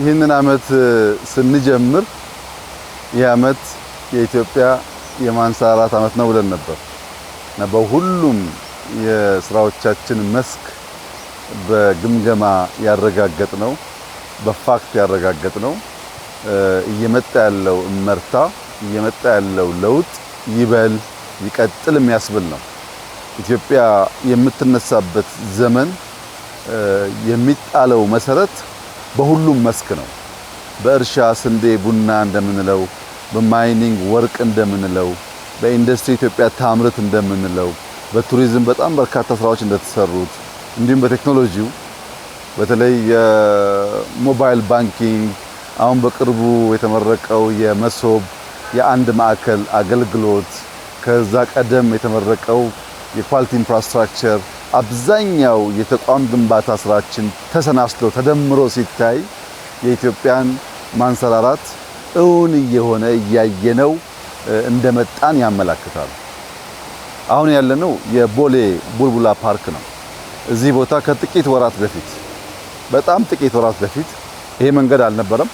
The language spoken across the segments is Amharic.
ይህንን አመት ስንጀምር ይህ አመት የኢትዮጵያ የማንሰራራት አመት ነው ብለን ነበር። በሁሉም የስራዎቻችን መስክ በግምገማ ያረጋገጥ ነው፣ በፋክት ያረጋገጥ ነው። እየመጣ ያለው እመርታ እየመጣ ያለው ለውጥ ይበል ይቀጥል የሚያስብል ነው። ኢትዮጵያ የምትነሳበት ዘመን የሚጣለው መሰረት በሁሉም መስክ ነው። በእርሻ ስንዴ፣ ቡና እንደምንለው፣ በማይኒንግ ወርቅ እንደምንለው፣ በኢንዱስትሪ ኢትዮጵያ ታምርት እንደምንለው፣ በቱሪዝም በጣም በርካታ ስራዎች እንደተሰሩት እንዲሁም በቴክኖሎጂው በተለይ የሞባይል ባንኪንግ አሁን በቅርቡ የተመረቀው የመሶብ የአንድ ማዕከል አገልግሎት ከዛ ቀደም የተመረቀው የኳሊቲ ኢንፍራስትራክቸር አብዛኛው የተቋም ግንባታ ስራችን ተሰናስሎ ተደምሮ ሲታይ የኢትዮጵያን ማንሰራራት እውን እየሆነ እያየነው እንደመጣን ያመላክታል። አሁን ያለነው የቦሌ ቡልቡላ ፓርክ ነው። እዚህ ቦታ ከጥቂት ወራት በፊት በጣም ጥቂት ወራት በፊት ይሄ መንገድ አልነበረም።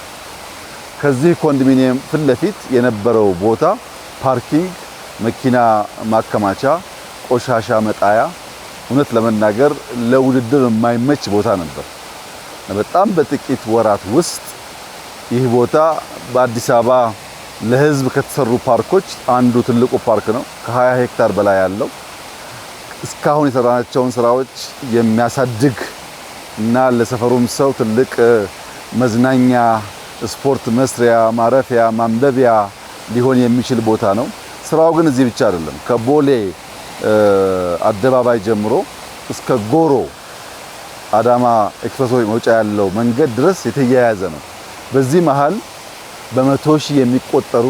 ከዚህ ኮንዶሚኒየም ፊት ለፊት የነበረው ቦታ ፓርኪንግ፣ መኪና ማከማቻ፣ ቆሻሻ መጣያ እውነት ለመናገር ለውድድር የማይመች ቦታ ነበር። በጣም በጥቂት ወራት ውስጥ ይህ ቦታ በአዲስ አበባ ለህዝብ ከተሰሩ ፓርኮች አንዱ ትልቁ ፓርክ ነው። ከ20 ሄክታር በላይ ያለው እስካሁን የሰራናቸውን ስራዎች የሚያሳድግ እና ለሰፈሩም ሰው ትልቅ መዝናኛ፣ ስፖርት መስሪያ፣ ማረፊያ፣ ማንበቢያ ሊሆን የሚችል ቦታ ነው። ስራው ግን እዚህ ብቻ አይደለም። ከቦሌ አደባባይ ጀምሮ እስከ ጎሮ አዳማ ኤክስፕሬስወይ መውጫ ያለው መንገድ ድረስ የተያያዘ ነው። በዚህ መሃል በመቶ ሺህ የሚቆጠሩ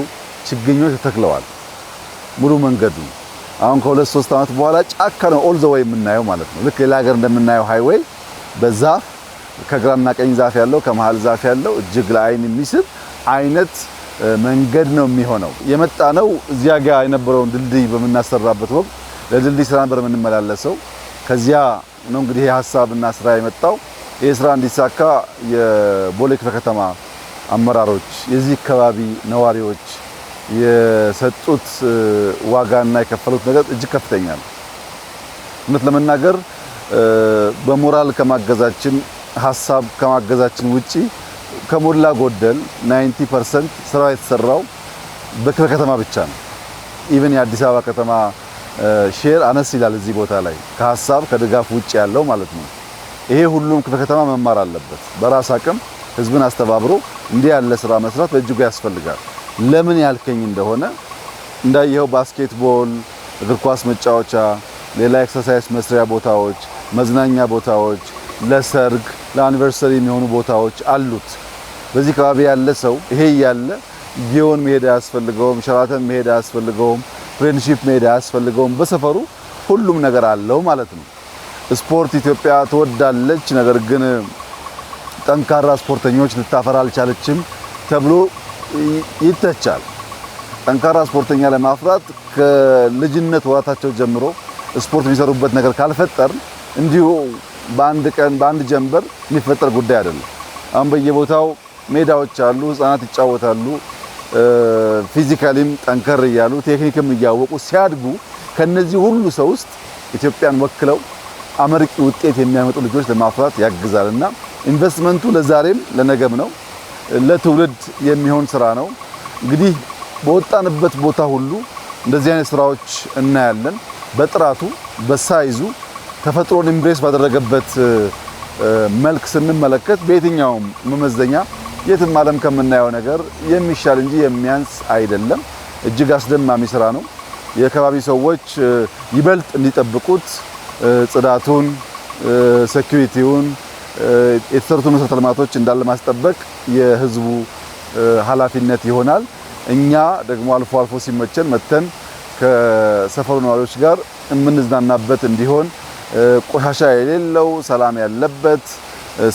ችግኞች ተተክለዋል። ሙሉ መንገዱ አሁን ከሁለት ሶስት ዓመት በኋላ ጫካ ነው ኦል ዘ ወይ የምናየው ማለት ነው። ልክ ሌላ ሀገር እንደምናየው ሃይዌይ በዛፍ ከግራና ቀኝ ዛፍ ያለው ከመሃል ዛፍ ያለው እጅግ ለአይን የሚስብ አይነት መንገድ ነው የሚሆነው። የመጣ ነው እዚያ ጋር የነበረውን ድልድይ በምናሰራበት ወቅት ለድልድይ ስራ ነበር የምንመላለሰው። ከዚያ ነው እንግዲህ ሀሳብና ስራ የመጣው። ይህ ስራ እንዲሳካ የቦሌ ክፍለ ከተማ አመራሮች፣ የዚህ አካባቢ ነዋሪዎች የሰጡት ዋጋና የከፈሉት ነገር እጅግ ከፍተኛ ነው። እውነት ለመናገር በሞራል ከማገዛችን ሀሳብ ከማገዛችን ውጪ ከሞላ ጎደል 90 ፐርሰንት ስራ የተሰራው በክፍለ ከተማ ብቻ ነው። ኢቨን የአዲስ አበባ ከተማ ሼር አነስ ይላል እዚህ ቦታ ላይ ከሀሳብ ከድጋፍ ውጭ ያለው ማለት ነው። ይሄ ሁሉም ክፍለ ከተማ መማር አለበት። በራስ አቅም ህዝብን አስተባብሮ እንዲህ ያለ ስራ መስራት በእጅጉ ያስፈልጋል። ለምን ያልከኝ እንደሆነ እንዳየኸው ባስኬትቦል፣ እግር ኳስ መጫወቻ፣ ሌላ ኤክሰርሳይዝ መስሪያ ቦታዎች፣ መዝናኛ ቦታዎች፣ ለሰርግ ለአኒቨርሰሪ የሚሆኑ ቦታዎች አሉት። በዚህ አካባቢ ያለ ሰው ይሄ ያለ ጊዮን መሄድ አያስፈልገውም፣ ሸራተን መሄድ አያስፈልገውም። ፍሬንድሺፕ ሜዳ አያስፈልገውም። በሰፈሩ ሁሉም ነገር አለው ማለት ነው። ስፖርት ኢትዮጵያ ትወዳለች፣ ነገር ግን ጠንካራ ስፖርተኞች ልታፈራ አልቻለችም ተብሎ ይተቻል። ጠንካራ ስፖርተኛ ለማፍራት ከልጅነት ወራታቸው ጀምሮ ስፖርት የሚሰሩበት ነገር ካልፈጠር እንዲሁ በአንድ ቀን በአንድ ጀንበር የሚፈጠር ጉዳይ አይደለም። አሁን በየቦታው ሜዳዎች አሉ፣ ህጻናት ይጫወታሉ። ፊዚካሊም ጠንከር እያሉ ቴክኒክም እያወቁ ሲያድጉ ከነዚህ ሁሉ ሰው ውስጥ ኢትዮጵያን ወክለው አመርቂ ውጤት የሚያመጡ ልጆች ለማፍራት ያግዛል እና ኢንቨስትመንቱ ለዛሬም ለነገም ነው፣ ለትውልድ የሚሆን ስራ ነው። እንግዲህ በወጣንበት ቦታ ሁሉ እንደዚህ አይነት ስራዎች እናያለን። በጥራቱ በሳይዙ ተፈጥሮን ኢምብሬስ ባደረገበት መልክ ስንመለከት በየትኛውም መመዘኛ የትም ዓለም ከምናየው ነገር የሚሻል እንጂ የሚያንስ አይደለም። እጅግ አስደማሚ ስራ ነው። የከባቢ ሰዎች ይበልጥ እንዲጠብቁት ጽዳቱን፣ ሴኩሪቲውን፣ የተሰሩት መሰረተ ልማቶች እንዳለ ማስጠበቅ የህዝቡ ኃላፊነት ይሆናል። እኛ ደግሞ አልፎ አልፎ ሲመቸን መተን ከሰፈሩ ነዋሪዎች ጋር የምንዝናናበት እንዲሆን ቆሻሻ የሌለው ሰላም ያለበት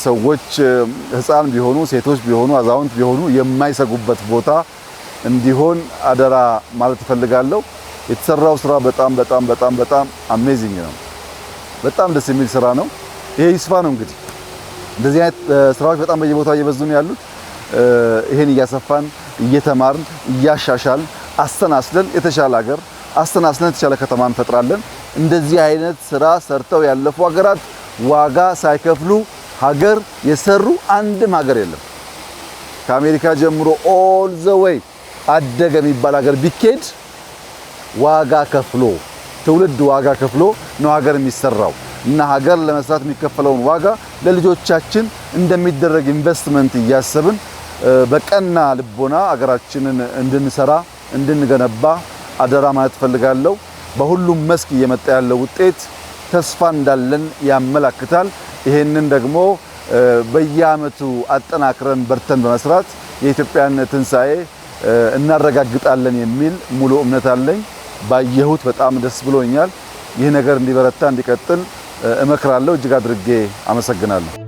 ሰዎች ህፃን ቢሆኑ ሴቶች ቢሆኑ አዛውንት ቢሆኑ የማይሰጉበት ቦታ እንዲሆን አደራ ማለት እፈልጋለሁ። የተሰራው ስራ በጣም በጣም በጣም በጣም አሜዚንግ ነው። በጣም ደስ የሚል ስራ ነው። ይሄ ይስፋ ነው እንግዲህ እንደዚህ አይነት ስራዎች በጣም በየቦታው እየበዙ ነው ያሉት። ይሄን እያሰፋን እየተማርን እያሻሻል አስተናስለን የተሻለ ሀገር አስተናስለን የተሻለ ከተማ እንፈጥራለን። እንደዚህ አይነት ስራ ሰርተው ያለፉ ሀገራት ዋጋ ሳይከፍሉ ሀገር የሰሩ አንድም ሀገር የለም። ከአሜሪካ ጀምሮ ኦል ዘ ዌይ አደገ የሚባል ሀገር ቢኬድ ዋጋ ከፍሎ ትውልድ ዋጋ ከፍሎ ነው ሀገር የሚሰራው እና ሀገር ለመስራት የሚከፈለውን ዋጋ ለልጆቻችን እንደሚደረግ ኢንቨስትመንት እያሰብን በቀና ልቦና ሀገራችንን እንድንሰራ እንድንገነባ አደራ ማለት ፈልጋለሁ። በሁሉም መስክ እየመጣ ያለው ውጤት ተስፋ እንዳለን ያመላክታል። ይህንን ደግሞ በየአመቱ አጠናክረን በርተን በመስራት የኢትዮጵያን ትንሳኤ እናረጋግጣለን የሚል ሙሉ እምነት አለኝ። ባየሁት በጣም ደስ ብሎኛል። ይህ ነገር እንዲበረታ እንዲቀጥል እመክራለሁ። እጅግ አድርጌ አመሰግናለሁ።